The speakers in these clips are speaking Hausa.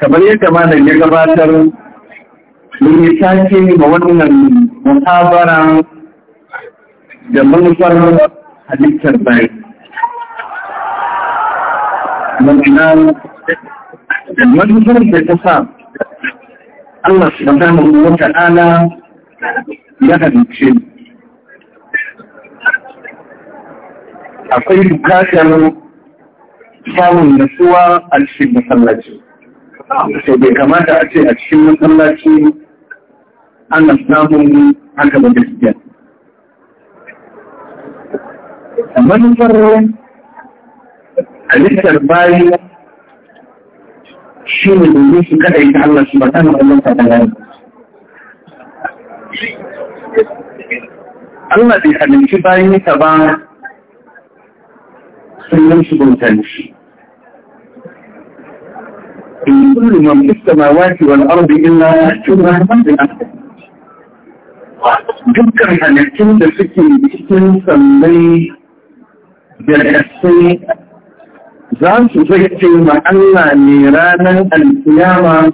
kamar yadda malam ya gabatar mun yi ma wannan muhabara da manufar halittar bayi manufar da ta sa Allah subhanahu wa ana ya halice akwai bukatar samun nasuwa a cikin masallaci so bai kamata a ce a cikin masallaci ana samun haka ba gaskiya manufar halittar bayi shi ne domin su kada yi ta Allah su ba tana Allah ta ne. Allah bai halinci bayan ta ba sun yi su bautar shi من كل من في السماوات والارض الا يحكمها بامره ذكر ان يحكم بالحكم يعني باسم سمي بالحسين زان سجدتي مع ان نيرانا القيامة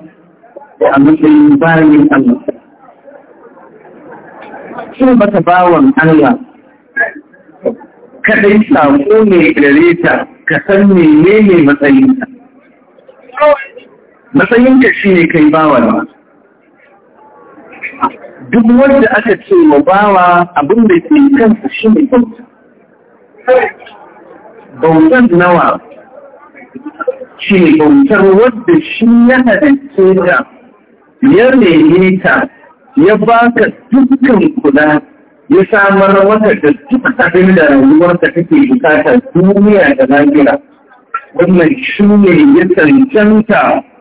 وامتي باني الله sun bata bawon Allah kada isa ko ne da rita ka san ne ne matsayinka matsayinka shi ne kai bawa ne duk wanda aka ce wa bawa abin da ke kansa shi ne bautan nawa shi ne bautar wadda shi ya hadace ta ya ta ya baka dukkan kula ya samar wata da duk abin da rayuwarka take bukatar duniya da lafiya wannan shi ne ya cancanta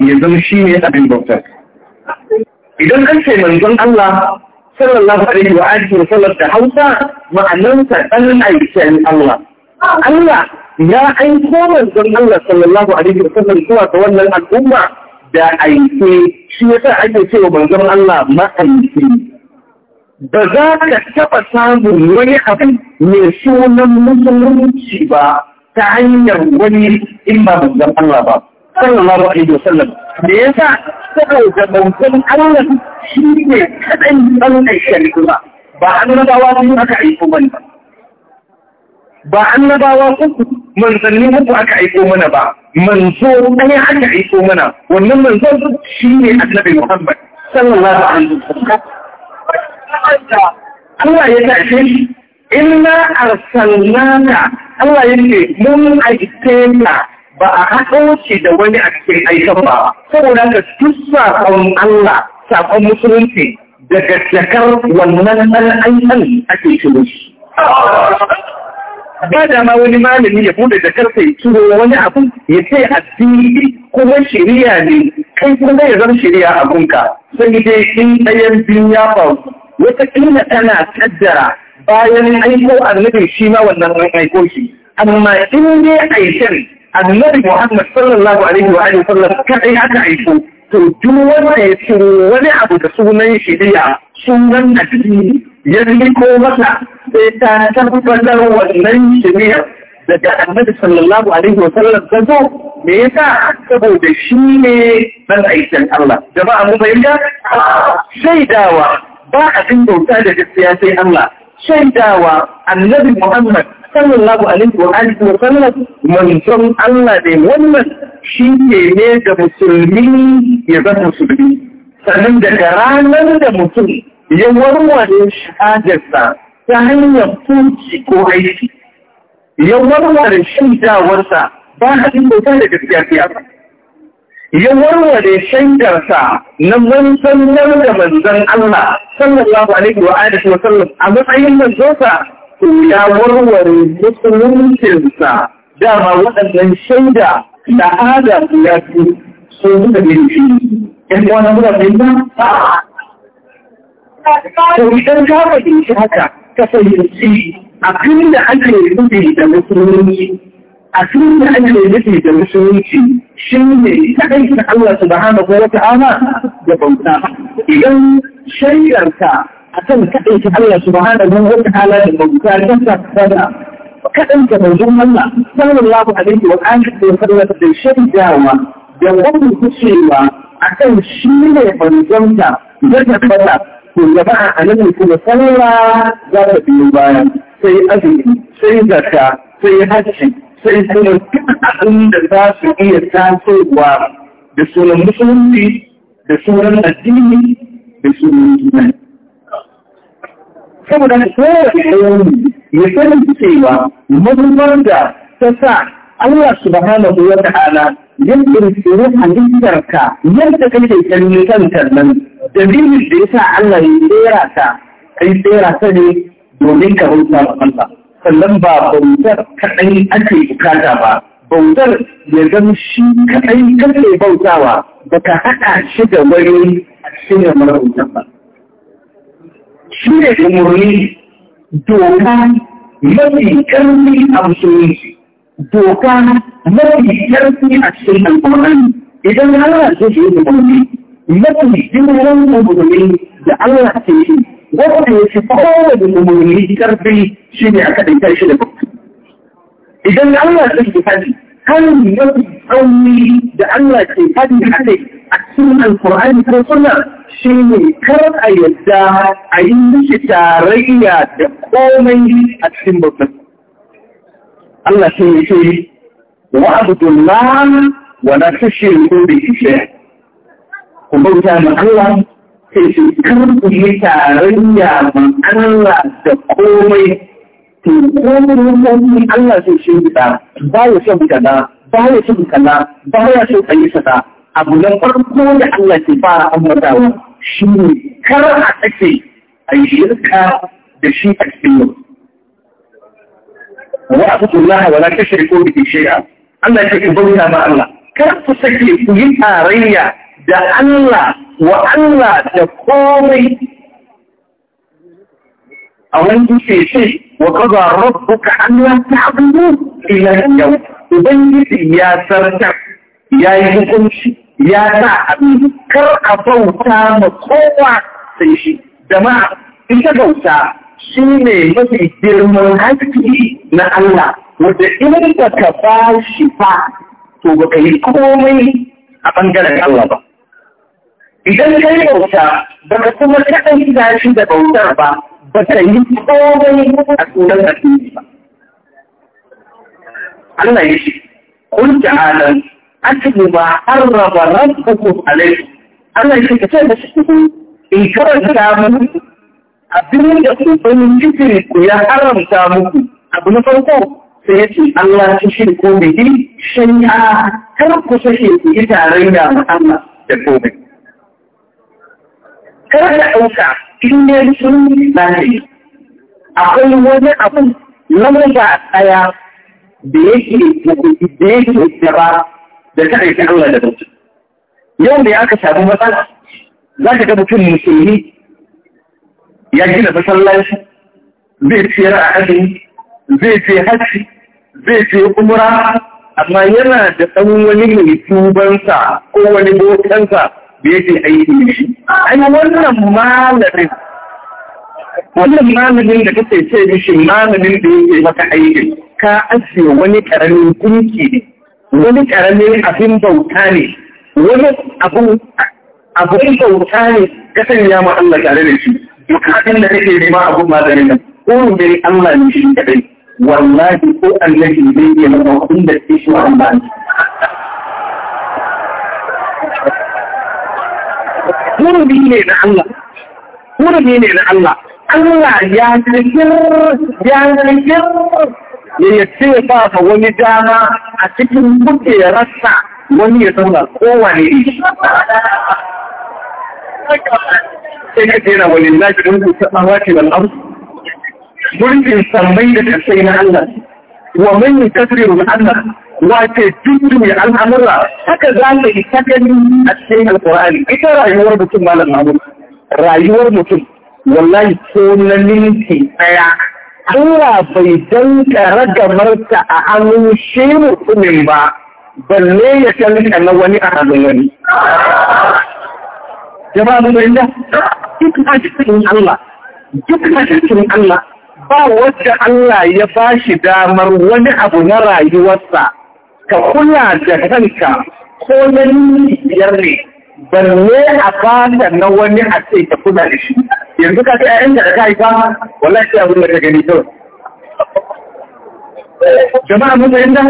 ya zama shi ne abin bautar. Idan kan sai manzon Allah sallallahu alaihi wa alihi wa sallam da Hausa ma'anarsa ɗan aikin Allah. Allah ya aiko manzon Allah sallallahu alaihi wa sallam zuwa ga wannan al'umma da aike shi ya sa ake cewa manzon Allah ma'aiki. Ba za ka taɓa samun wani abin mai sunan musulunci ba ta hanyar wani in ba manzon Allah ba. sallallahu alaihi wasallam me yasa da bautan Allah shi ne kadai bangaren shari'a ba annabawa sun aka aiko mana ba annabawa uku manzanni uku aka aiko mana ba manzo ɗaya aka aiko mana wannan manzo shi ne annabi Muhammad sallallahu alaihi wasallam Allah ya tashi inna arsalnaka Allah yake mun aike ka ba a haɗo ce da wani a cikin aikan ba saboda da tussa kan Allah sakon musulunci daga jakar wannan aikan ake ciro shi ba da ma wani malami ya bude da karfe turo wani abu ya ce addini kuma shiriya ne kai kuma ya zama shiriya abunka sai dai in ɗayan biyu ya faru wata kila tana kaddara bayan aiko annabi shi ma wannan aiko shi amma in dai aikin annabi Muhammad sallallahu alaihi wa alihi sallam kai aka aiko to duk wanda ya ci wani abu da sunan shari'a sunan addini ya daga annabi sallallahu alaihi wa sallam ta zo me yasa saboda shi ne dan aikin Allah jama'a mun fahimta shaidawa ba abin bauta da gaskiya sai Allah shaidawa annabi Muhammad sallallahu alaihi wa alihi wa sallam manzon Allah ne wannan shi ne ne da musulmi ya zama musulmi sannan daga ranar da mutum ya warware shahadarsa ta hanyar tuki ko aiki ya warware shaidawarsa ba a cikin bauta da gaskiya ba ya warware shaidarsa na manzannar da manzan Allah sallallahu alaihi wa alihi wa sallam a matsayin manzonsa ya warware Da dama waɗannan shaida da hada su ya fi so suka ne shi in wani muna fahimta to idan ka shi haka ka fahimci a kan da ake nufi da musulunci A kan da ake nufi da musulunci shi ne kai ta Allah subhanahu wa ta'ala da bauta idan shaidarka akan ki Allah subhanahu wa ta'ala da bauta ta sada kaɗaita manzon Allah sallallahu alaihi wa alihi wa sallam da shaidawa da wannan kucewa akan shi ne da ya tabbata to jama'a annabi kuma sallah za ta biyo baya sai azumi sai zakka sai hajji sai sunan duk abin da za su iya tasowa da sunan musulunci da sunan addini da sunan imani saboda na kowace ɗayan ya sanin cewa mazubar da ta sa Allah su ba subhanahu wa ta'ala ya kirkiri halittarka yadda kai da kirkiri kantar kan dalilin da ya sa Allah ya tsera ta kai tsera ta ne domin ka rusa a kanta sannan ba bautar kaɗai ake bukata ba bautar ya zama shi kaɗai kake bautawa ba ka haɗa shi da wani a cikin marar ba shi ne umarni doka mafi karfi a musulunci doka mafi karfi a cikin alƙur'ani idan Allah zai yi umarni mafi girman umarni da Allah ce shi wanda ya ci fi da umarni karfi shi ne aka ɗaita shi da bakwai. Idan Allah zai yi hali, hali mafi tsauni da Allah ce hali a kai a cikin alkur'ani ko suna shi ne kar a yadda a yi miki tarayya da komai a cikin babban. Allah shi ne ce wa abdullah wa la tushriku bihi shay'a. Ku bauta na Allah sai shi kar ku yi tarayya ma Allah da komai. To komai Allah sai shi ne ta ba ya son kaza ba ya son kaza ba ya son kayi abu na farko da Allah ke fara wa shi ne kar a take a yi shirka da shi a cikin yau. Wa a kutu Allah wa la tashriku bihi shay'a. Allah ya ke bauta ma Allah. Kar ku sake ku yi tarayya da Allah wa Allah da komai a wani ce ce wa kaza rabbuka an la ta'budu illa yau. Ubangiji ya sarta ya yi hukunci ya sa abin kar a bauta ma kowa sai shi jama'a ita bauta shi ne mafi girman haske na Allah wanda in ba ka ba shi ba to ba ka yi komai a ɓangaren Allah ba idan ka yi bauta ba ka kuma kaɗan gashi da bautar ba ba ka yi komai a tsoron addini ba Allah ya shi, kun ta'alan ba أكد ما حرم ربكم عليكم الله يشكتين بس in karanta muku abin da kuka yi jikiri ku ya haramta muku abu na farko sai ya ce Allah ta shi ko mai yi shanya kar ku sashe ku yi tare da Allah da komai. Kar da ɗauka in ne sun lafi akwai wani abu na ba a tsaya da yake da da yake da ba da ta aiki Allah da mutum. Yau ya aka samu matsala, za ka ga mutum musulmi ya gina masallaci, zai ciyar a azumi, zai ce hajji, zai ce umra, amma yana da tsawon wani mai tubansa ko wani bokansa da ce aiki shi. Ai wannan malamin wannan malamin da kake ce mishi malamin da yake maka aiki ka ajiye wani ƙaramin gunki ne wani karamin abin bauta ne wani abin bauta ne ka sanya ma Allah tare da shi duk abin da kake nema abu maganin nan ko dai Allah ne shi kadai wallahi ko annabi zai yi maka abin da ke shi wa Allah Murubi ne na Allah, murubi ne na Allah, Allah ya zirgin, ya zirgin ya yace ya sa wani dama a cikin kujerarsa wani ya zauna kowane ne. Sai ka tera wani lafi don ku taɓa wace wal amsu. Mulkin sammai da kasai na Allah. Wa man yukasiru na Allah wace dindin ya al'amura haka za ka yi sakani a cikin qurani Ita rayuwar mutum malam Mahmud. Rayuwar mutum wallahi ko na minti ɗaya Allah bai tankara gamarta a hannun shi mutumin ba, balle ya tankara na wani a hannun wani. Jama'a mu bayyana, duk a cikin Allah, duk a cikin Allah, ba wacce Allah ya ba shi damar wani abu na rayuwarsa, ka kula da kanka ko na biyar ne. balle a kasa na wani a ce ta kuna da shi yanzu ka sai ayyanta da ka ba wallahi sai abin da ka gani to jama'a mun fahimta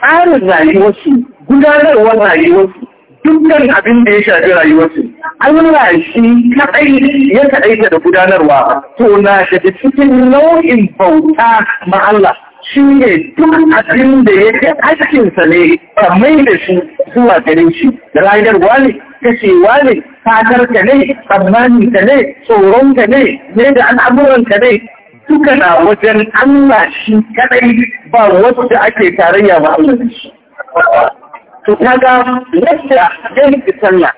tsarin rayuwarsu gudanarwar rayuwarsu dukkan abin da ya shafi rayuwarsu Allah shi kaɗai ya kaɗaita da gudanarwa to na daga cikin nau'in bauta ma Allah shi ne duk abin da ya ga aikinsa ne a mai da shi zuwa gare shi rayarwa ne kashewa ne fatarka ne ka ne tsoronka ne ne da al'amuranka ne duka na wajen Allah shi kadai ba wasu da ake tarayya ba Allah shi. To kaga yadda ya rike sallah,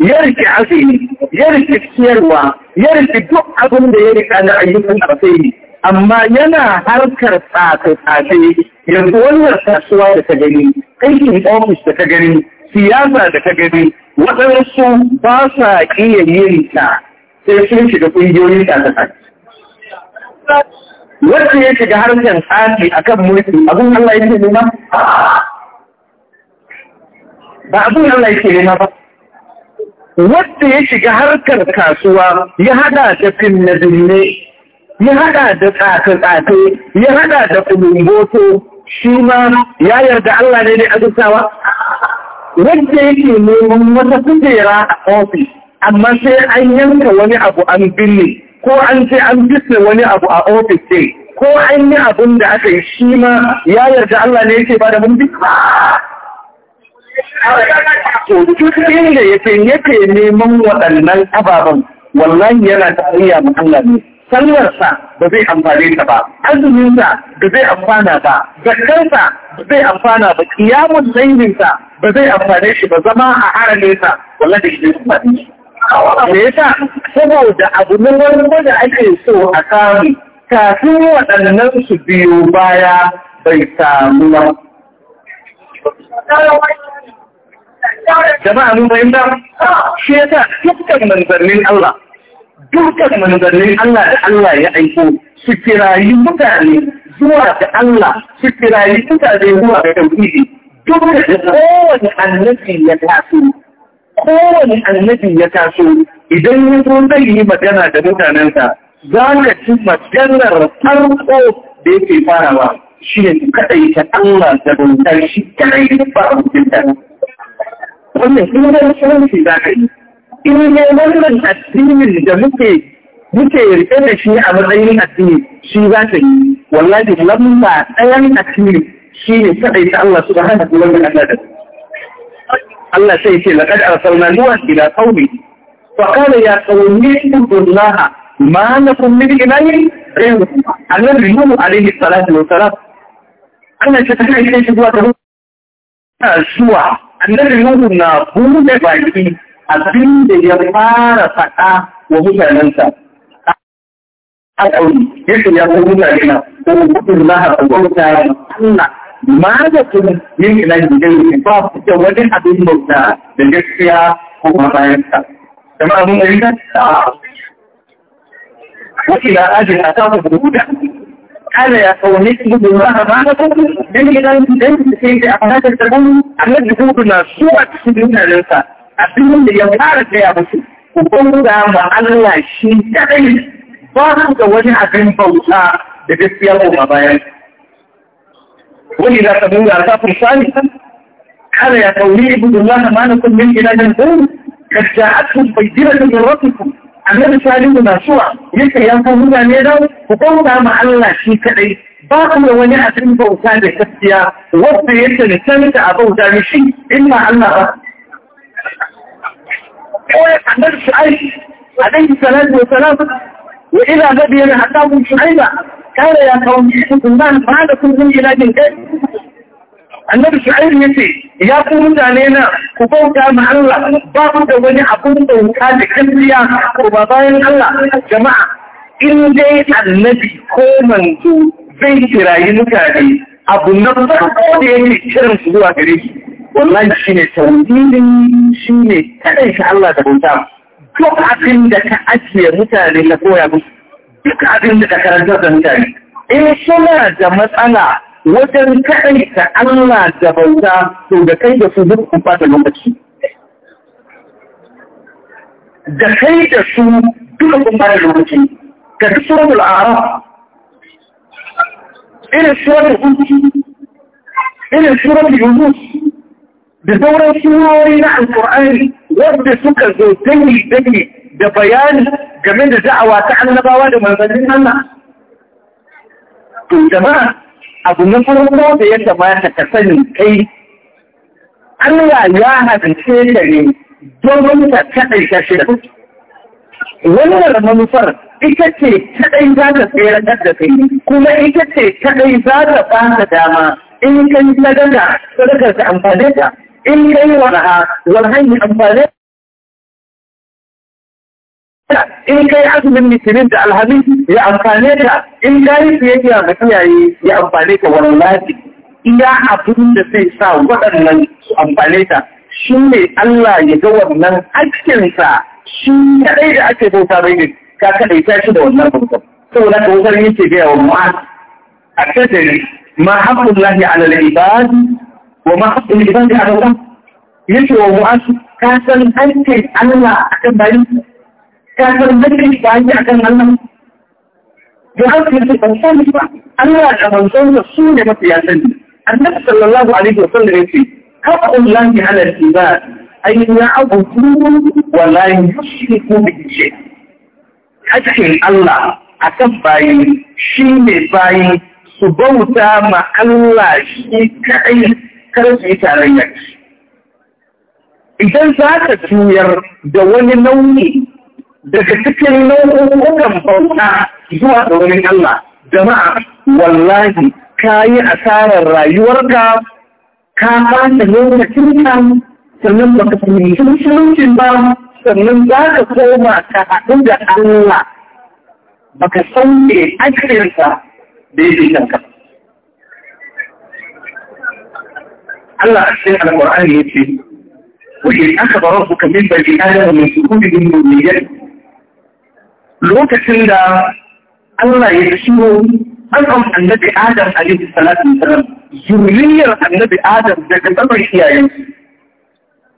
ya rike azumi, ya rike ciyarwa, ya rike duk abin da ya rika na ayyukan alkhairi amma yana harkar tsafe-tsafe yanzu wannan kasuwa da ta gani aikin ofis da ta gani siyasa da ta gani waɗansu ba sa iya yin ta sai sun shiga ƙungiyoyin ta wanda ya shiga harkar tsafi a kan mulki abin Allah yake nema ba abin Allah yake nema ba wanda ya shiga harkar kasuwa ya hada da na finne ya hada da tsafe ya hada da kulungoto shi ma ya yarda Allah ne ne azusawa wanda yake neman wata kujera a ofis amma sai an yanka wani abu an binne ko an ce an bisne wani abu a ofis ɗin ko an yi abin da aka yi shi ma ya yarda Allah ne yake ba da mundi to duk inda yake yake neman waɗannan ababen wallahi yana tarayya mu Allah ne sallarsa ba zai amfane ta ba azuminsa ba zai amfana ba zakkarsa ba zai amfana ba kiyamun lailinsa ba zai amfane shi ba zama a haramesa, wala da shi ba me sa saboda abu na wanda da ake so a samu kafin waɗannan su biyo baya bai samu ba jama'a mun da shi ya yasa dukkan manzannin Allah dukkan manzannin Allah da Allah ya aiko su kirayi mutane zuwa da Allah su kirayi mutane zuwa da tauhidi duk da kowane annabi ya taso annabi ya taso idan ya zo zai yi magana da mutanensa za ka ci maganar farko da yake farawa shi ne kaɗai ta Allah da bautar shi kadai ba a da wannan ingancin shi za ka yi in ne wannan addinin da muke muke rike da shi a matsayin addini shi za ta yi wallahi lamba ɗayan addini shi ne kaɗai ta Allah su ba hana kuma da Allah da Allah sai ce laqad arsalna nuha ila qaumi fa qala ya qaumi ibudullaha ma lakum min ilahin ghayru annabi nuhu alayhi salatu wa salam Allah ce ta kai shi zuwa ta zuwa annabi nuhu na bude baki Abinda ya fara faɗa wa mutanensa a ɗauri yadda ya kuma mutane na ko mutum za a ɗauko mutane Allah magatin yin ilahi yin ba su da wani abin bauta da gaskiya ko kuma bayansa. Jama'a mun yi ta وإلى أجل ba الوجود ألا يقولني الله ما نقول لأن إذا a تكن في أحداث التكون أن يجبوك الناس suwa cikin الإنسان abin da ya fara gaya musu ku bauta ma Allah shi kadai ba su da wani abin bauta da gaskiya ko ma bayan wani da ka dinga ta fursani kada ya tauri ibudullah ma na kun min ilahin ku kajja'atun bayyinatun min rabbikum annabi salihu na suwa yake ya san mutane da ku bauta ma Allah shi kadai ba ku da wani abin bauta da gaskiya wanda yake da tanta a bauta mishi illa Allah ba annabi shu'aib alaihi salatu wa salam wa ila nabiyina hatta mun shu'aiba kana ya kawo kun ban ba da kun kun ila din kai annabi shu'aib yace ya ku mutane na ku bauta ma Allah ba ku da wani abun bauta da kariya ko ba bayan Allah jama'a in dai annabi ko manzo zai kirayi mutane abu na farko da yake kiran su zuwa gare shi wannan shi ne tauhidin shi ne kaɗai shi Allah da bauta duk abin da ka ajiye mutane ka koya musu duk abin da ka karanta da mutane in suna da matsala wajen kaɗai ka Allah da bauta to da kai da su duk kun fata lokaci da kai da su duka kun fata lokaci ka duk suratul a'raf irin suratul irin da yunus da sauran surori na alkur'ani wanda suka zo dangi dangi da bayani game da da'awa ta annabawa da manzannin Allah to jama'a abu na farko da ya kamata ka sani kai Allah ya hadace ka ne domin ka kaɗai ka shi wannan manufar ita ce kaɗai za ta tsere da kai kuma ita ce kaɗai za ta ba dama in kan sadaka da ta amfani ta in kai wada'a zan yi amfani in kai azumin litinin da alhamis ya amfane ka in kai siyayya ga kiyaye ya amfane ka wallahi iya abin da zai sa waɗannan su amfane ka shi ne Allah ya ga wannan hakkinsa shi kadai da ake bauta mai ka kadai ta shi da wannan bautar saboda ka wutar yake gaya wa mu'ad a kadari ma haƙƙullahi alal ibad wa ma haƙƙin liban da Ya ce wa mu'asu ka san hankin Allah a kan bayan ka san hankin bayan a kan Allah da haƙƙin su ban sani ba Allah da manzon sa su ne mafiya sani annabi sallallahu alaihi wa sallam yace haqa ullahi ala al-ibad ay ya'budu wa la yushriku bihi shay'a haƙƙin Allah a kan bayan shi ne bayan su bauta ma Allah shi kaɗai kar su yi da idan za ka juyar da wani nauyi daga cikin nau'ukan bauta zuwa ga wani Allah jama'a wallahi ka yi asarar rayuwarka ka ɓata lokacin ka sannan ba ka fahimci musuluncin ba sannan za ka koma ka haɗu da Allah ba ka sauke ajiyarsa da yake kanka Allah a cikin alƙur'ani ya ce wa in aka bar rabbuka min bani adam min sukurin muliyat lokacin da Allah ya ciro ɗan annabi Adam alaihi salatu wasalam zuriyar annabi Adam daga tsabar iyayensu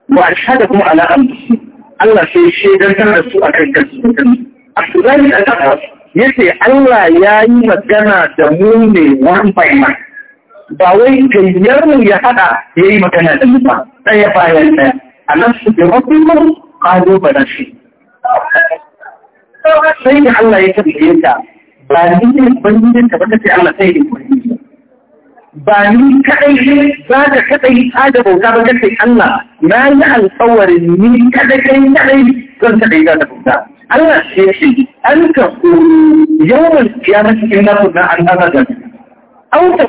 wa ashhadakum ala anfusihim Allah sai shaidantar da su a kan kansu a su zai da yace Allah ya yi magana da mu ne wan by one ba wai mu ya haɗa ya yi magana da su ba ɗaya bayan ɗaya a nan su da ba na shi sai da Allah ya tafiye ta ba ni ne ubangijin ta baka sai Allah sai da ba ni ne za ka kadai ta bauta ba sai Allah na yi alƙawarin ni kadai kai kadai zan kadai za ta bauta Allah sai shi an ka ko yawan cikin nasu na an Allah ce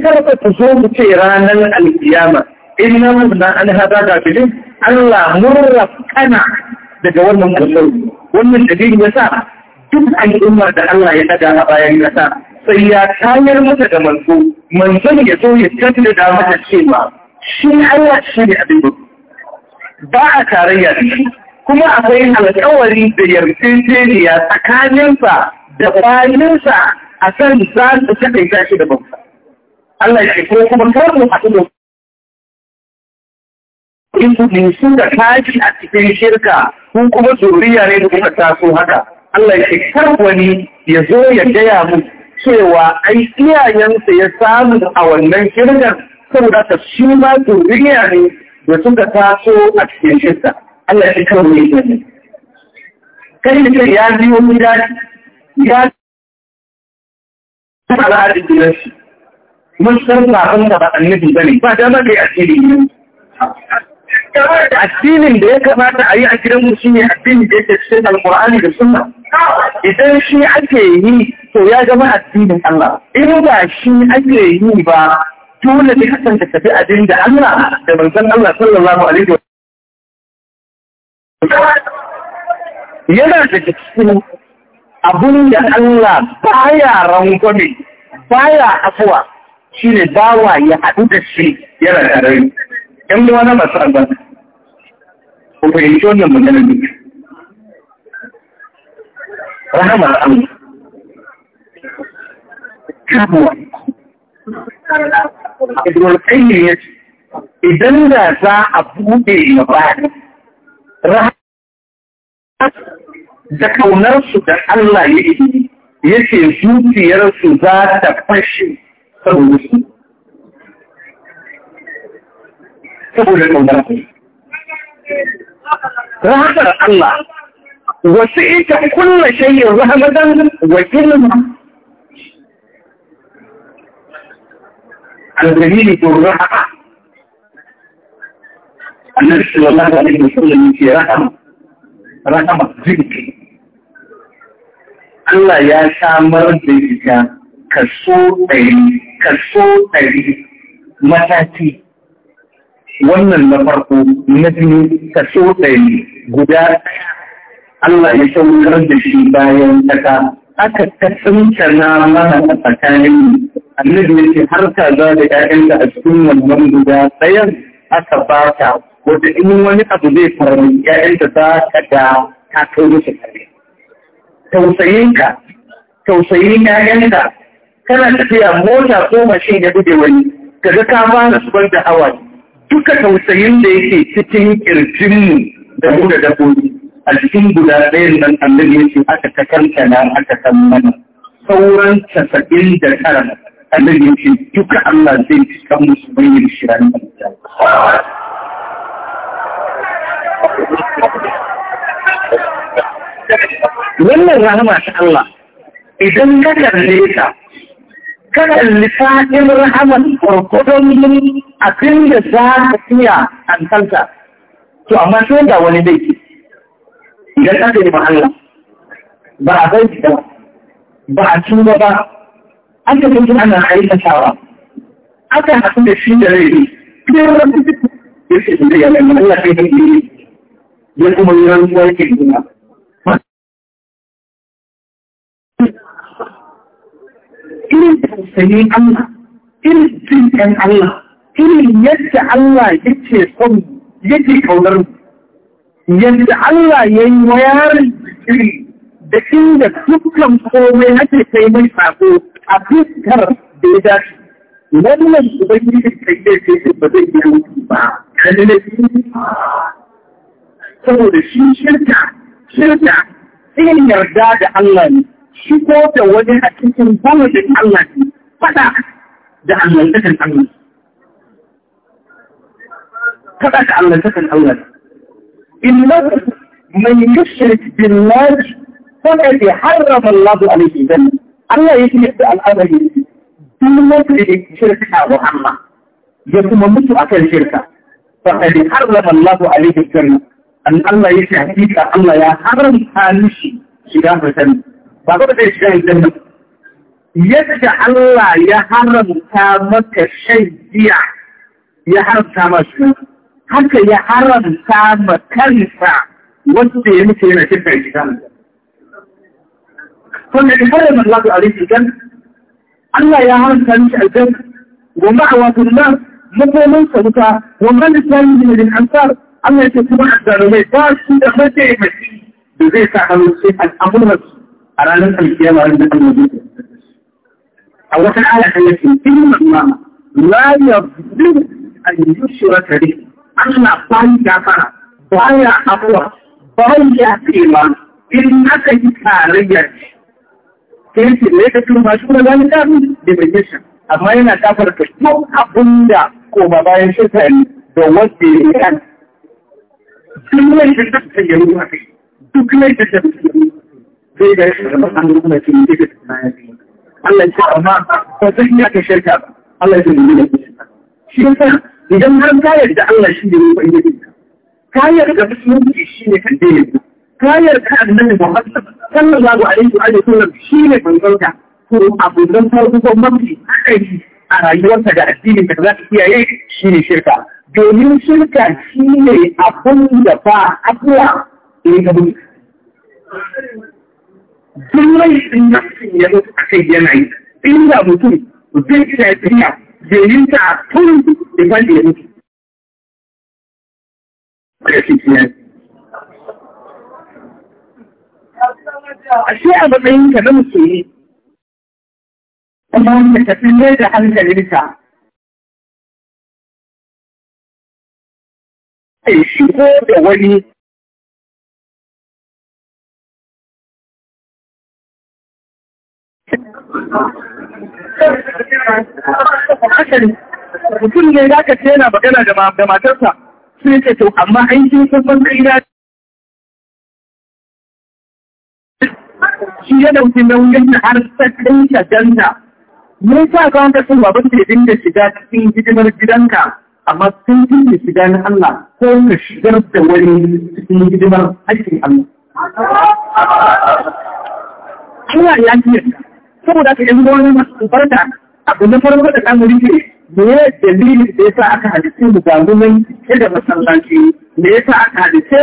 karfa ku zo mu ce ranar alkiyama in na mutuna an hada ga fili Allah murra kana daga wannan kusur wannan da ya sa duk al'umma da Allah ya daga a bayan ya sa sai ya tayar masa da manzo manzon ya zo ya tattala da mata cewa shi Allah shi ne abin ba a tarayya da shi kuma akwai alƙawari da yarjejeniya tsakaninsa da kwaninsa a san za su ta kai tashi da bauta Allah shi ko kuma kar mu haɗu da in ku nisu da tashi a cikin shirka ko kuma zuriya ne da kuma taso haka Allah shi kar wani ya zo ya gaya mu cewa ai iyayensa ya samu a wannan shirkar saboda ta shi ma duriya ne da suka taso a cikin shirka Allah ya kawo ne ne. kai da ya biyo gida ya al'adar gidan shi mun san sabon da ba annabi bane ba da ma kai asiri ne addinin da ya kamata a yi a gidan shi ne addinin da yake cikin qurani da sunna idan shi ake yi to ya zama addinin Allah in ba shi ake yi ba dole ne hakan ka tafi abin da Allah da manzon Allah sallallahu alaihi wa yana da cikin abin da Allah baya rangwame baya afuwa ne bawa ya haɗu da shi yana da rai ɗan ruwa na masu albasa ku fahimci wannan magana ne rahamar Allah kabuwa ابن القيم يجي إذن لا زا أبوه يبعد راح ذكو نرسو ان الله يجي يجي يجوتي يرسو زا تبشي فروسي ان الله وسئك كل شيء ان الله ان الله الدليل يقول النبي صلى الله عليه وسلم في رقم رقم الزكي Allah ya samar da ita kaso ɗari, kaso ɗari mataki. Wannan na farko na biyu kaso ɗari guda Allah ya saukar da shi bayan ƙasa. Aka kasance na mana a tsakanin annabi yake har ka za da ƴaƴanta a cikin wannan guda ɗayan aka baka wata in wani abu zai faru ƴaƴanta za ka da ta kai musu kare tausayinka tausayin ƴaƴanta kana tafiya mota ko mashin ya guje wani kaga ka fara zubar da hawa duka tausayin da yake cikin ƙirjinmu da da dabbobi a cikin guda ɗayan nan annabi yake aka ta na, aka san mana sauran casa'in da tara annabi ya ce duka Allah zai cika musu bayyana shi ranar Wannan rahama ta Allah idan ka kalle ta kada lissafin rahaman gwargwadon yin abin da za ka iya hankalta. To, amma sai da wani dai ke, idan ka gani Allah, ba a bai ba, ba a tuba ba, aka tafi ana aikatawa aka haɗu da shi da rai ya ce da yana, lalata Allah sai da ne ya kuma yi rantsuwa yake gina irin tausayi Allah irin jin ɗan Allah irin yadda Allah yake son yake kaunar mu yadda Allah ya yi wa yaron jiri da inda dukkan komai ake kai mai sako a fuskar da ya dace wannan ubangiji kai da ce ba zai yi wuce ba kalle ne saboda shi shirka shirka sai yarda da Allah ne shi ko da wani a cikin gwamnatin Allah ne fada da allahntakan Allah fada da allahntakan Allah إنه من يشرك بالله فقد حرم الله عليه الجنة Allah ya shirya da al'amari duk wata da shirka a Muhamma ya kuma mutu a kan shirka. Fahari har da Allahu a laifin an Allah ya shi hakika Allah ya haramta mishi shiga fitan. Ba ka da shiga fitan nan. Yadda Allah ya haramta maka shan giya ya haramta masu, haka ya haramta ma kansa wanda ya mutu yana shirka shiga fitan. wanda in haramin lafi a rikin Allah ya haramta mishi aljanna wa ma'awa billah makomin sauta wa man islami min al-ansar Allah yake kuma azzalumai ba su da mace mace da zai sa hannu sai al'amuran a ranar alkiyama da Allah ya a wata aya ta yake inna Allah la yabdu an yushraka bihi Allah bai gafara baya abuwa baya cewa in aka yi tarayya kirki da ya tafi ma shi kuma zani kafin da amma yana kafar ka duk abin da koma bayan shirkari da wanda ya yi kan duk laifin da ta yi ruwa kai duk laifin da ta yi zai ga shi zama an ruwa shi ne da ta yi Allah ya ce amma ba zai iya ka shirka ba Allah ya ce ne da shi yasa idan har ka yarda Allah shi ne ruwa ne ka yarda musulunci shi ne kan daidai kayar ka annabi Muhammad sallallahu alaihi wa sallam shine manzon ka to abu dan farko ko mafi akali a rayuwarka da addinin ka za ka kiyaye shine shirka domin shirka shine abun da ba abuwa in ka bi Dullai in na ya zo a kai yanayi, inda mutum zai iya tafiya, zai yi ta tun da wanda ya mutu. Kwaya shi ashe a matsayinka na musulmi kuma ka tafi da hankalinka ai shigo da wani mutum ne za ka ce yana magana da matarsa sai ce to amma an kin kai na ya dauki nauyin har sakin shaganta mun sa ka wanda sun babu da dinga shiga cikin hidimar gidanka amma sun dinga shiga na Allah ko ka shigar da wani cikin hidimar aikin Allah Allah ya fiye, saboda ka yanzu wani masu farta abu na farko da kan rike me ya dalilin da sa aka halittu mu ga gumin da masallaci me sa aka halittu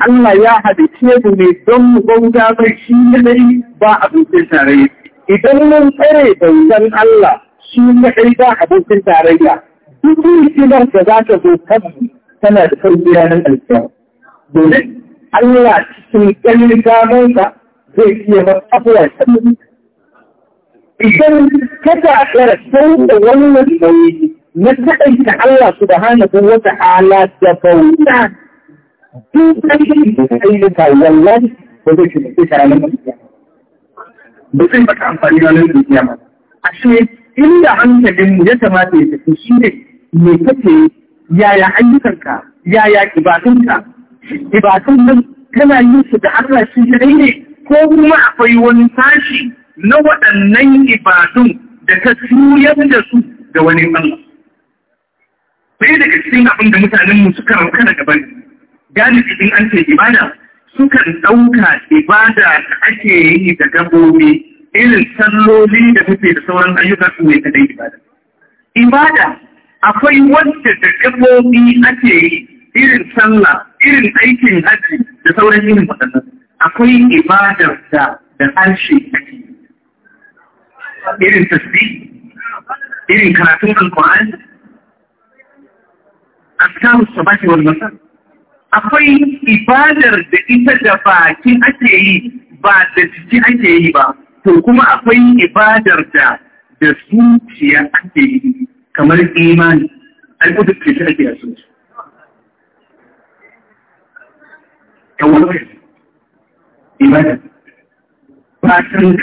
Allah ya halice mu ne don mu bauta mai shi kadai ba abokin tarayya. Idan mun tsare bautan Allah shi kadai ba abokin tarayya. Duk mutumar da za ta zo kanmu tana da sauki ranar alkiyar. Domin Allah cikin ganin gamansa zai iya masa abuwa ta Idan ka a ƙara sau da wannan nauyi na ɗaita Allah subhanahu wa ta'ala da bauta duk rashin da ka yi ka wallahi ba zai shi ka ranar dukiya ba zai maka amfani ranar dukiya ba ashe inda hankalin mu ya kamata ya tafi shi ne me kake yaya ayyukanka yaya ibadunka ibadun nan kana yin su da Allah shi kadai ne ko kuma akwai wani sashi na waɗannan ibadun da ka suyar da su da wani Allah. Sai daga cikin abin da mutanen mu suka rauka daga bani. galibi in an ce ibada sukan ɗauka ibada da ake yi da gabobi irin salloli da kuke da sauran ayyuka su ne kadai ibada. Ibada akwai wanda da gabobi ake yi irin sallah, irin aikin haji da sauran irin waɗannan. Akwai ibada da da harshe Irin tasbi, irin karatun alkur'ani, askarun sabaki wal masar. akwai ibadar da ita da bakin ake yi ba da jiki ake yi ba to kuma akwai ibadar da da zuciya ake yi kamar imani alƙudu ke shi ake yasu ibada fatan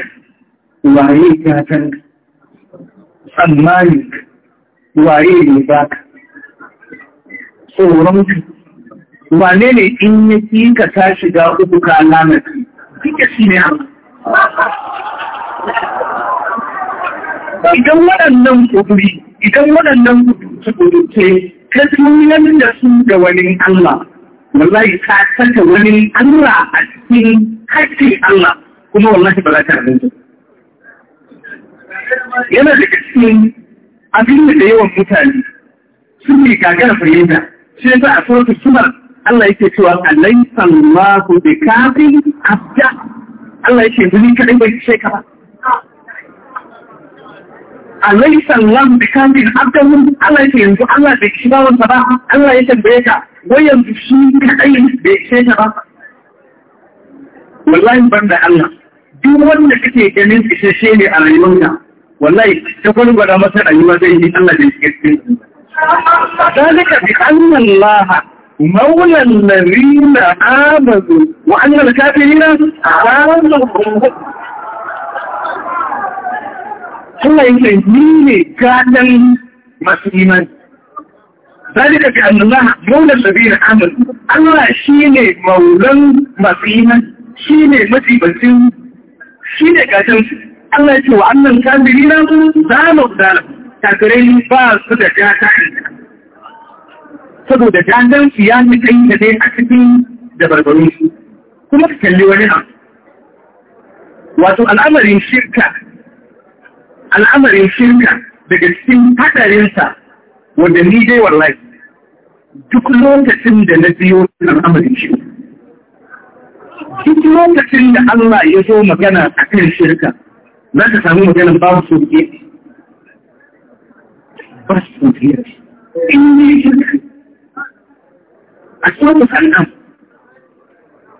waye fatan tsammanin waye ne baka tsoron wane ne in ya ka ta shiga uku ka alamar kike shi ne idan waɗannan kuduri idan waɗannan kudurce ka tunan da su da wani Allah wallahi ka saka wani Allah a cikin hakkin Allah kuma wallahi ba za ta rinda yana da cikin abin da yawan mutane sun ne gagara fahimta sai za a sauke sumar Allah yake cewa alaysa Allahu bikafi abda Allah yake ni kadai bai ce ka ba alaysa Allahu bikafi abda Allah yake yanzu Allah bai shi ba ta ba Allah ya tambaye ka wai yanzu shi kadai bai ce ka ba wallahi ban da Allah duk wanda kake ganin isasshe ne a rayuwarka wallahi ta gwada masa rayuwa zai yi Allah da shi gaskiya ta zaka bi Allah مولى الذين آمنوا وأن الكافرين آمنوا Allah ya ce ni ne gadon masu imani. Zalika fi annallah maulan ladina amanu. Allah shi ne maulan masu shi ne matsibancin, shi ne gadon su. Allah ce wa annan zamu da kafirai ba su da gata saboda dandan su ya yi kai a cikin da su kuma ka kalli wani abu wato al'amarin shirka al'amarin shirka daga cikin hadarinsa wanda ni dai wallahi duk lokacin da na biyo al'amarin shirka duk lokacin da Allah ya zo magana a kan shirka za ka samu maganin babu su ke ba su ke in yi shirka أتصرف عن الأمر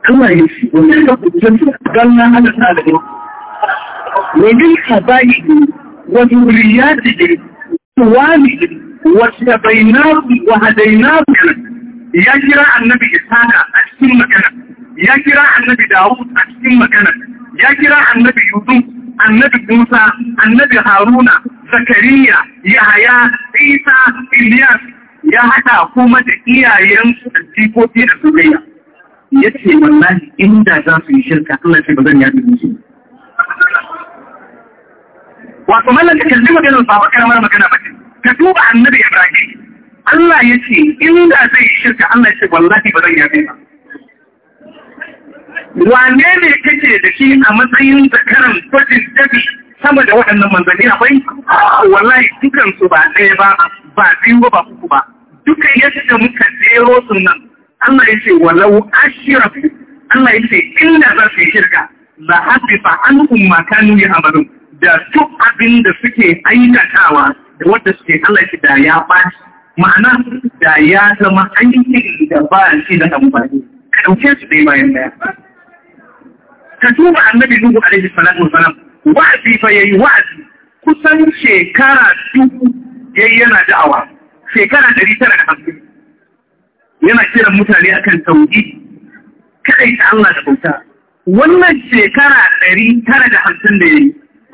الله يشفي ومعرفة الجنة قالنا هذا الثالث وللحبائب وذرياتهم ووالدهم واجتبيناه وهديناه ya kira annabi Isaka a cikin magana, ya kira annabi Dawud a cikin magana, ya kira annabi Yusuf, annabi Musa, annabi Haruna, Zakariya, Yahaya, Isa, Ilyas, ya haɗa kuma da iyayen su da fiye da soyayya ya ce wallahi inda za su yi shirka Allah ce ba zan yaɗa musu wato mallan da kalli maganar ba baka mara magana ba ce ka duba annabi Ibrahim Allah ya ce inda zai yi shirka Allah ce wallahi ba zan yaɗa ba wane ne kake da shi a matsayin zakaran gwajin dabi sama da waɗannan manzanni akwai wallahi dukan su ba ɗaya ba ba biyu ba ba uku ba dukan yadda muka jero sun nan Allah ya ce walau ashirafu Allah ya ce inda za su yi shirka la habiba an umma kanu amalu da su abin da suke aikatawa da wanda suke Allah ya ce da ya ɓaci ma'ana da ya zama aikin da ba shi da amfani ka dauke su dai bayan daya ka tuba annabi Nuhu alaihi salatu wasalam wa'azi fa yayi wa'azi kusan shekara dubu yayi yana da'awa shekara ɗari tara da hamsin yana kiran mutane akan tauhidi kadai ta Allah da bauta wannan shekara ɗari tara da hamsin da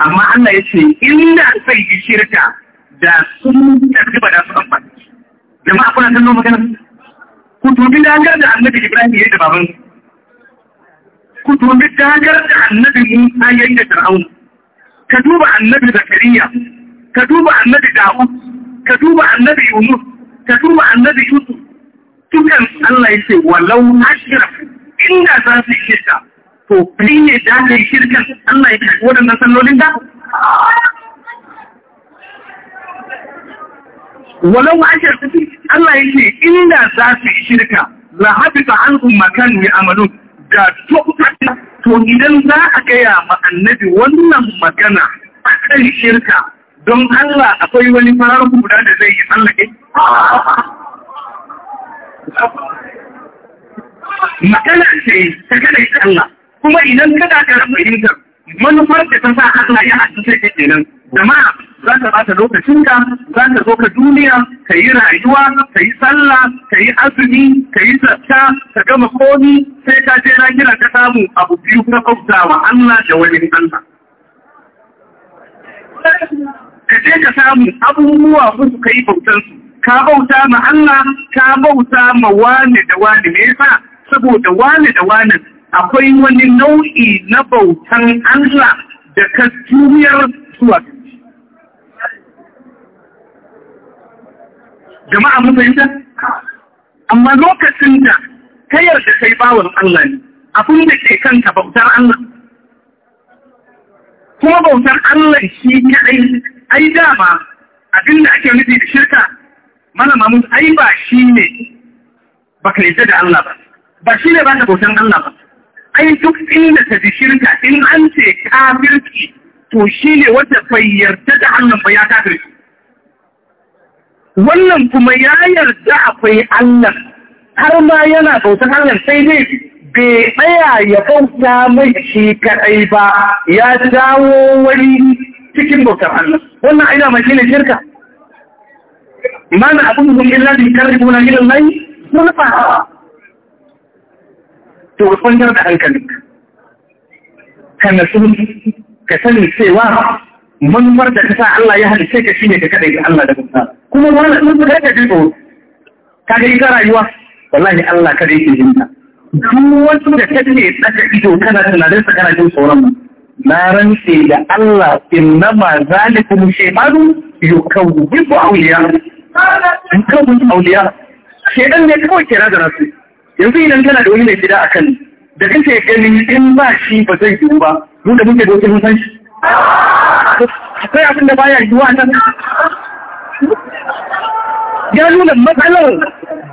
amma Allah ya ce inda sai ji shirka da sun tafi ba da su amfani jama'a kuna san magana. ku tobi da ga da Annabi Ibrahim yayi da babansa كنتم بالتاجر النبي موسى يجد فرعون كتوب عن النبي زكريا كتوب عن النبي داود كتوب عن النبي يونس كتوب عن النبي يوسف تكن الله يسوي ولو اشرف ان ذات الشركه تو بني ذات الشركه الله يسوي ولن نصلوا لنا ولو اشرف الله يسوي ان ذات الشركه لا حبط عنهم مكان يعملون da tokata to idan za a gaya ma annabi wannan magana a kan shirka don Allah akwai wani farar guda da zai yi tsallake? Magana ce ta kada Allah kuma idan kada ka rabu idan manufar da ta sa Allah ya haɗu ke kenan jama'a za ta lokacin ka za ta zo ka duniya ka yi rayuwa ka yi sallah ka yi azumi ka yi zakka ka gama komi sai ka je na kira ka samu abu biyu na kauta wa Allah da wani Allah ka je ka samu abubuwa uku ka yi bautansu ka bauta ma Allah ka bauta ma wane da wane me yasa saboda wane da wane akwai wani nau'i na bautan Allah da ka juriyar zuwa jama'a mun fahimta amma lokacin da ta yarda kai bawan Allah ne abin da ke kanta bautar Allah kuma bautar Allah shi kadai ai dama abin da ake nufi da shirka mana mun ai ba shi ne ba ka da Allah ba ba shi ne ba ta bautan Allah ba ai duk inda ta ji shirka in an ce kafirci to shi ne wata fayyarta da Allah ba ya kafirci wannan kuma ya yarda akwai Allah har ma yana bautar Allah sai dai bai tsaya ya bauta mai shi kadai ba ya dawo wani cikin bautar Allah wannan aina mai shine shirka mana abun illa bi karibuna ila Allah mun fa to kwantar da hankalin ka nasu ka sani cewa manufar da ka sa Allah ya halice ka shi ne ka kaɗai da Allah da bauta kuma wani sun fi ka ji tsoro ka ga ita rayuwa wallahi Allah ka dai ke jinta duk wasu da ta ce tsaka ido kana tunanin sa kana jin sauran na rantse da Allah innama zalikum shaytanu yukawwibu awliya yukawwibu awliya shedan ne kawai kira da rasu yanzu idan kana da wani mai gida a kan da kake ganin in ba shi ba zai yi ba mu da muke dokin san shi akwai abin da baya yiwuwa nan ya nuna matsalar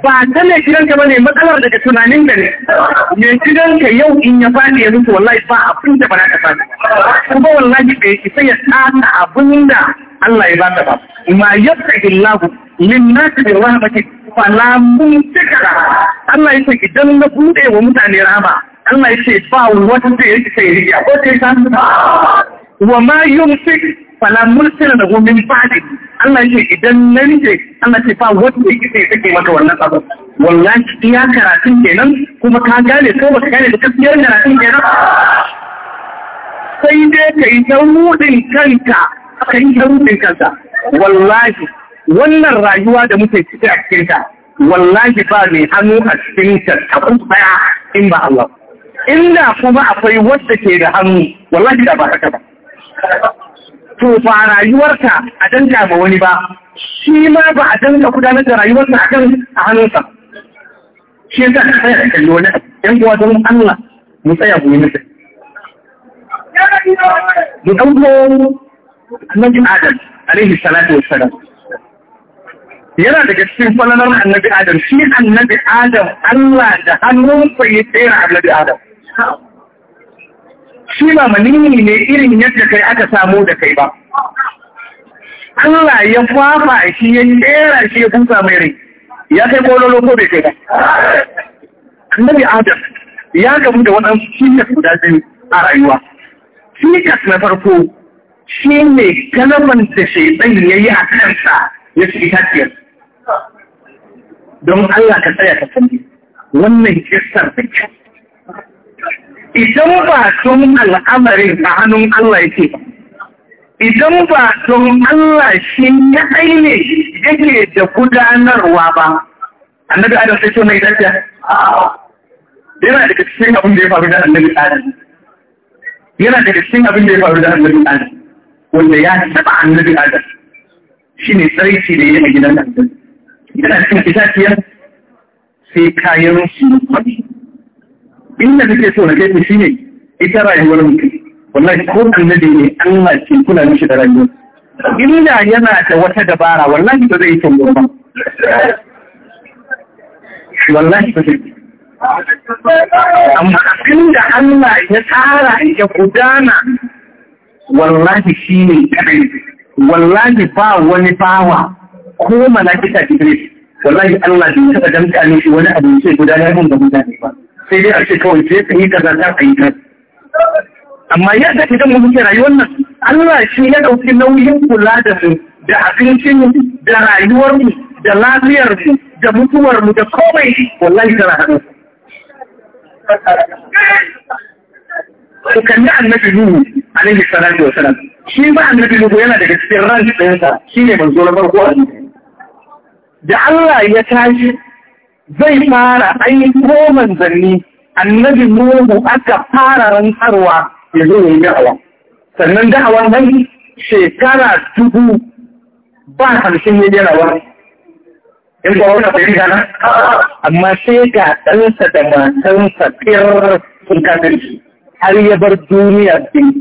ba ta ne gidanka ba ne matsalar daga tunanin da ne mai ka yau in ya faɗi ya mutu wallahi ba abin da ba na kasa kuma wallahi bai isa ya tsata abin da Allah ya ba ta ba ma yadda illahu min naka bi falamun fala mumsika Allah yake idan na bude wa mutane rahama Allah yake ba wata da yake sai riya ko sai san wa ma yumsik fala mursila lahu min ba'di Allah yake idan na rike Allah yake ba wata da yake sai take mata wannan abu wallahi ya karatun kenan kuma ka gane ko baka gane da kafiyar karatun kenan sai dai ka yi ta kanta, ka yi ta rudin kanka wallahi wannan rayuwa da muke ciki a cikin ta wallahi ba mai hannu a cikin ta ta tsaya in ba Allah inda kuma akwai wadda ke da hannu wallahi da ba haka ba to ba rayuwarka a danja ma wani ba shi ma ba a danja gudanar da rayuwarsa a kan a hannunsa shi yasa ka tsaya da kai wani yan uwa don Allah mu tsaya mu yi musu mu dauko annabi Adam alaihi salatu wassalam yana daga cikin falalar annabi Adam shi annabi Adam Allah da hannunsa ya tsere annabi Adam shi ba manini ne irin yadda kai aka samu da kai ba Allah ya fafa shi ya tsere shi ya kusa mai rai ya kai kololo ko bai kai ba annabi Adam ya gamu da waɗansu cikas guda biyu a rayuwa cikas na farko shi ne galaban da shaidan ya yi a kansa ya ci itaciyar don Allah ka tsaya ka sani wannan kistar da kyau. Idan ba tun al'amarin a hannun Allah yake ba, idan ba tun Allah shi ya aine yake da gudanarwa ba, annabi Adam sai so mai dajiya. Yana daga cikin abin da ya faru da annabi Adam. Yana daga cikin abin da ya faru da annabi Adam, wanda ya taɓa annabi Adam. Shi ne tsarki da ya yi a gidan annabi. yana cikin itaciyar sai kayan rufi inda kake so na kai shi ne ita rayuwar mutum wallahi ko annabi ne Allah ke kula mishi da rayuwar inda yana da wata dabara wallahi ba zai yi tambo ba wallahi ba zai amma abin da Allah ya tsara ya gudana wallahi shi ne kadai wallahi ba wani bawa ko mala'ika jibril wallahi Allah bai taɓa damta ne shi wani abu sai gudanar mun da mutane ba sai dai a ce kawai sai ka yi kaza ta ka yi kaza amma yadda idan mu muke rayuwar nan Allah shi ya dauki nauyin kula da mu da abincin mu da rayuwar mu da lafiyar mu da mutuwar mu da komai wallahi tana hadu ku kalli annabi Nuhu alaihi salatu wasalam shi ba annabi Nuhu yana daga cikin ran ɗayansa shine manzo na farko a duniya da Allah ya tashi zai fara aiko manzanni annabi Nuhu aka fara rantsarwa ya zo yi da'awa sannan da'awa nan shekara dubu ba hamsin ya yana wa in ba wani bai gana amma sai ga ɗansa da matansa fiyar sun kafin har ya bar duniya ɗin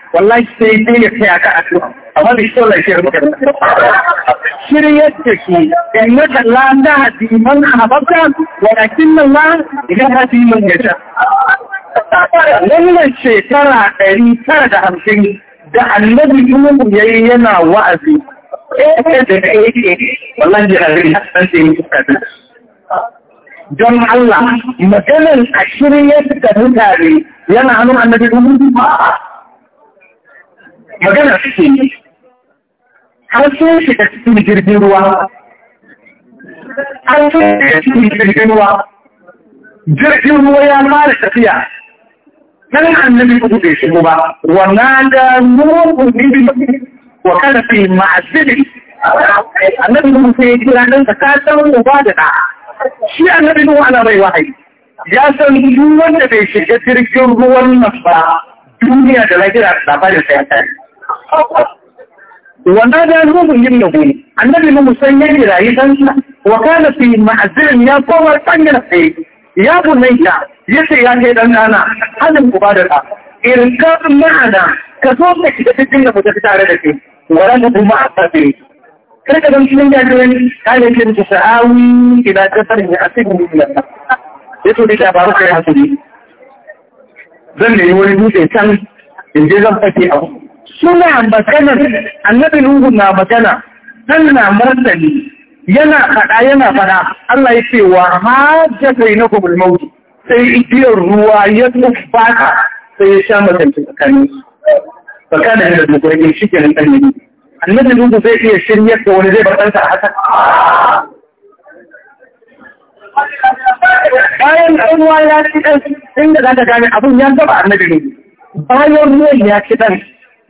wallahi sai dai ya kai ka tuwa amma da shi wallahi shi rubuta shiryar da shi innaka la tahdi man ahbabta walakin Allah yahdi man yasha wannan shekara ɗari tara da hamsin da annabi Nuhu ya yi yana wa'azi eh, wallahi jihari hasan sai yi don Allah maganar a shiryar da mutane yana hannun annabi Nuhu ba magana suke yi an sun shiga cikin jirgin ruwa an sun shiga cikin jirgin ruwa jirgin ruwa ya mara tafiya nan annabi ku bai shigo ba wa da nuhu bibi wa kana fi ma'asili annabi ku sai kira nan ka san uba da da shi annabi ku ana bai wahayi ya san duk wanda bai shiga jirgin ruwan nan ba duniya da lafiya da ba da sai wanda da ya zo yin da gungi annabi mu musayya ne rayi rayu sa wa kana fi ma'azirin ya kowar tangana sai ya bunayya yace ya kai dan nana hadin ku da ta. irin ka ma'ana ka zo ka ki da cikin da mutaka tare da ke wara da kuma asabi kada ka gamsu nan da ta ya ta faru zan wani dutse can inji zan fake abu suna maganar annabi Nuhu na magana dan na martani yana faɗa yana faɗa Allah ya ce wa kai na kubul maut sai igiyar ruwa ya tsufaka sai ya sha mutunci tsakanin su tsakanin da dukkan shi ke nan ne annabi Nuhu zai iya shirye ko wani zai bar ɗansa haka bayan ruwa ya ci ɗan inda zaka gane abun ya gaba annabi Nuhu bayan ruwa ya ci ɗan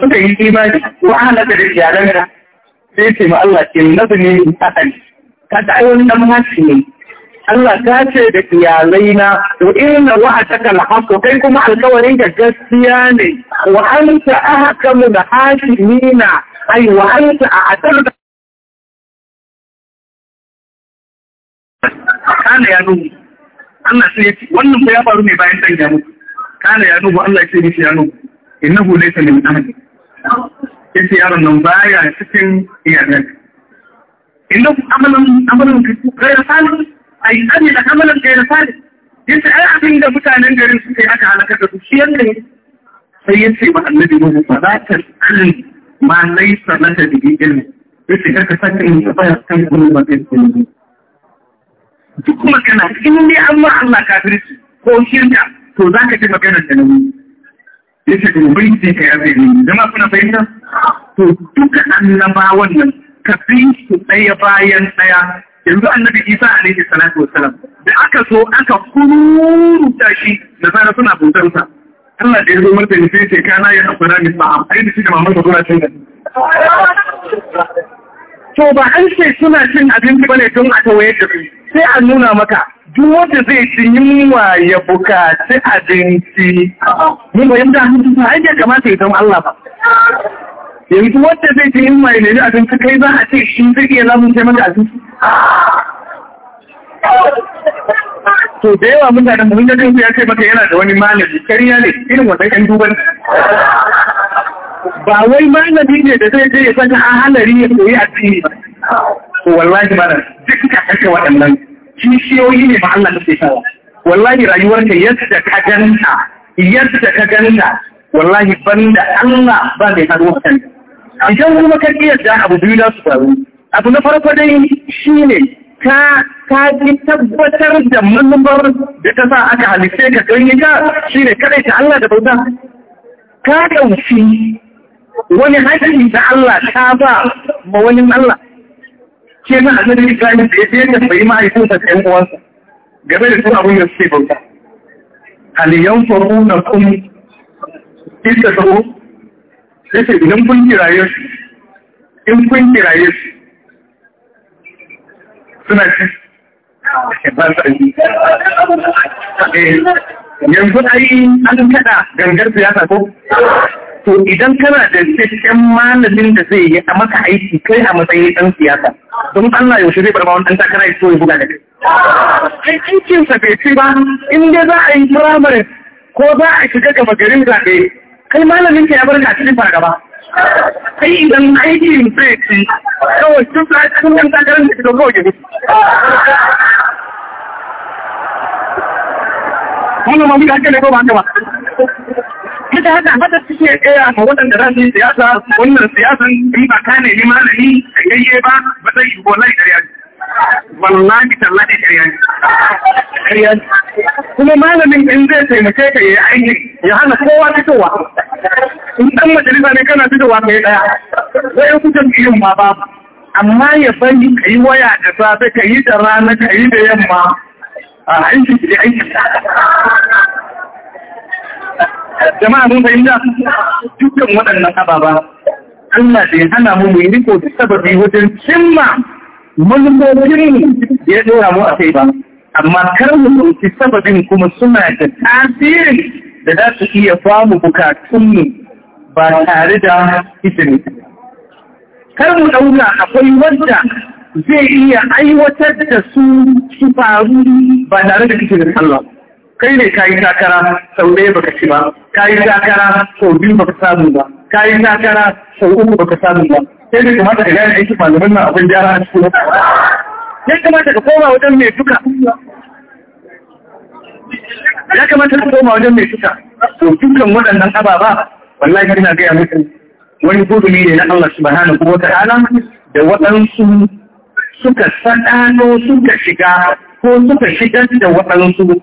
suka yi imani ko ana da iyalan da sai ce ma Allah ke nazumi in akan ka ta yi wannan hashi ne Allah ta ce da iyalai na to inna a al-haqqu kai kuma alƙawarin ka gaskiya ne wa anta ahkamu da hashimina ai wa anta da. kana ya nuhu Allah sai wannan ko ya faru ne bayan dan ya kana ya nuhu Allah ce ya nuhu innahu laysa min ahadin ya ce yaron nan baya cikin iyalan inda amalan amalan gaira salih ai abi da amalan gaira salih yace ai abin da mutanen garin suke aka halaka da su shi ne sai ya yace ba annabi mu ba za ta kalli ma laisa laka bi ilmi yace karka saka in ka bayar kan gurin ba kai ilmi duk magana in ne amma Allah kafirci ko shirka to zaka ji maganar da nabi yace to bai sai kai ne jama'a kuna fahimta to duka annabawan nan ka bi su daya bayan ɗaya yanzu annabi isa alaihi salatu wasalam da aka so aka kuru tashi da zara suna bautarsa Allah da ya zo martani sai ce kana ya afara ni sa'a ai da shi da mamar suna cin da to ba an ce suna cin abinci bane don a tawaye da sai an nuna maka duk wanda zai ci yunwa ya bukaci abinci mun bayan da hannun tuta ai bai kamata ya zama Allah ba yanzu wanda zai ci yunwa ya nemi abinci kai za a ce shi zai iya lamun sai mana abinci to da yawa mutane mun ga kanku ya kai maka yana da wani malami kariya ne irin wannan yan duban ba wai malami ne da zai je ya saka a halari ya koyi addini ba to wallahi malam duk ka kashe waɗannan kishiyoyi ne ba Allah nufi sawa wallahi rayuwarka yadda ka ganta yadda ka ganta wallahi da Allah ba mai haro kan idan kuma ka kiyarda abu biyu na su faru abu na farko dai shi ka ka ji tabbatar da manufar da ta sa aka halitta ka ganye ka ne kadai ta Allah da bauta ka ɗauki wani hakki da Allah ta ba ma wani Allah ke na annabi Ibrahim da ya da ya bai ma'aikunsa da ƴan uwansa game da tun abin da suke bauta hal yansuruna kum idda ya ce idan kun kiraye su in kun kiraye su suna ci ba eh, su yanzu ai an kada gangar siyasa ko to idan kana da cikin malamin da zai yi a maka aiki kai a matsayin ɗan siyasa don Allah yaushe zai barba wannan takara ya so ya buga da kai ai aikin sa bai ci ba in dai za a yi firamare ko za a shiga gaba garin zaɓe kai malamin ka ya bar ka cikin fargaba kai idan aikin zai ci kawai duk da cikin yan takarar da shiga kawai gidi wannan ma muka ne ko ba haka ba da haka haka suke tsaya ma waɗanda za su yi siyasa, wannan siyasan in ba ka nemi malami da yayye ba, ba zai yi wallahi ƙarya ne. Wallahi tallahi ƙarya ne. Ƙarya ne. Kuma malamin in zai taimake ka ya aiki ya hana kowa fitowa. In ɗan majalisa ne kana fitowa kai ɗaya. Wai ku jam'iyyun ma ba, Amma ya bari ka yi waya da safe, ka yi da rana, ka yi da yamma. A aiki ne aiki. jama'a mun fahimta dukkan waɗannan ababa Allah da ya hana mu mu yi riko da sababi wajen cimma da ya dora mu a kai ba amma kar mu ɗauki sababin kuma suna da tasirin da za su iya famu bukatunmu ba tare da izini kar mu ɗauka akwai wanda zai iya aiwatar da su su faru ba tare da izinin Allah kai ne ka yi takara sau ɗaya baka ci ba ka yi takara sau biyu baka samu ba ka yi takara sau uku baka samu ba sai ne kamata ka gane aiki malaman nan abin gyara a cikin ya kamata ka koma wajen mai duka ya kamata ka koma wajen mai duka to dukkan waɗannan ababa wallahi ina gaya muku wani gudumi ne na Allah subhanahu wa ta'ala da waɗansu suka sanano suka shiga ko suka shigar da waɗansu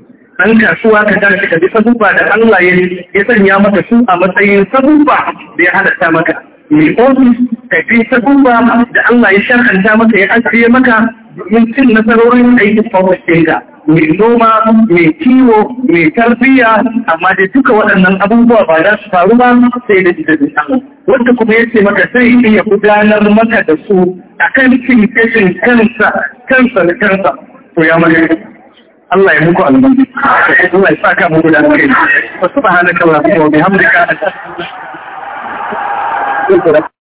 ɗan kasuwa ka tashi ka bi sabubba da Allah ya sanya maka su a matsayin sabubba da ya halatta maka. Mai ofis ka bi sabubba da Allah ya shakanta maka ya ajiye maka domin cin nasarorin aikin ofis ga. Mai noma, mai kiwo, mai tarbiyya, amma da duka waɗannan abubuwa ba za su faru ba sai da jidadin Allah. Wanda kuma ya ce maka sai iya gudanar maka da su a kan cin kansa, kansa da kansa. To ya mallaka. Allah ya muku albarka Allah ya saka muku da kai subhanaka allahumma wa bihamdika